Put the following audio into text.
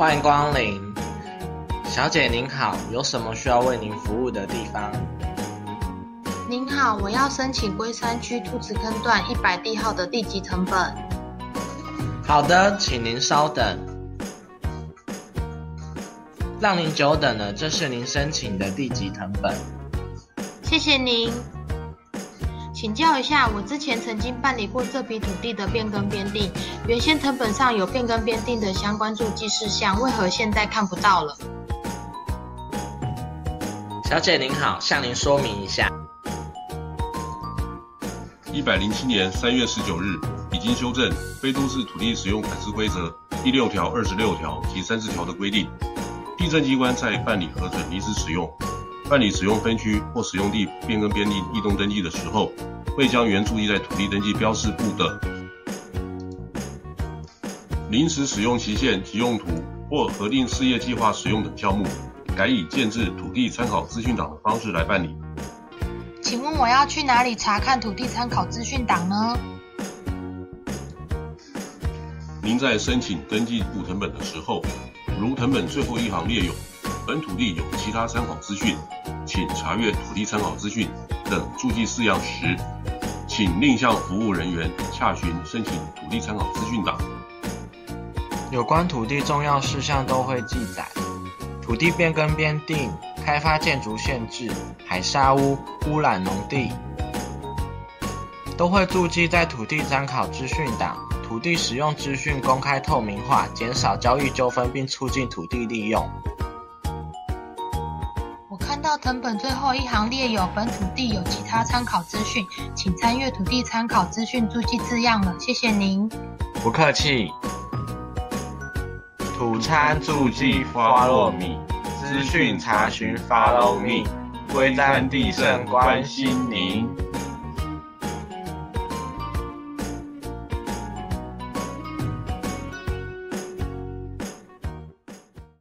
歡迎光臨，小姐您好，有什麼需要為您服務的地方？您好，我要申請龜山區兔子坑段一百地號的地籍謄本。好的，請您稍等。讓您久等了，這是您申請的地籍謄本。謝謝您。請教一下，我之前曾經辦理過這筆土地的變更編定，原先謄本上有變更編定的相關註記事項，為何現在看不到了？小姐您好，向您說明一下，一百零七年三月十九日，已經修正《非都市土地使用管制規則》第六條、二十六條及三十條的規定，地政機關在辦理核准臨時使用。辦理使用分區或使用地變更、編定異動登記的時候，會將原註記在土地登記標示簿的臨時使用期限及用途或核定事業計劃使用等項目，改以建置土地參考資訊檔的方式來辦理。請問我要去哪裡查看土地參考資訊檔呢？您在申請登記補謄本的時候，如謄本最後一行列有，本土地有其他參考資訊，請查閱土地參考資訊等註記事項時，請另向服務人員洽詢申請土地參考資訊檔。有關土地重要事項都會記載，土地變更編定、開發建築限制、海砂屋污染農地，都會註記在土地參考資訊檔。土地使用資訊公開透明化，減少交易糾紛，並促進土地利用。到藤本最後一行列有本土地有其他參考資訊，請參閱土地參考資訊註記字樣了，謝謝您。不客氣。土參註記 Follow Me，資訊查詢 Follow Me，龜山地政關心您。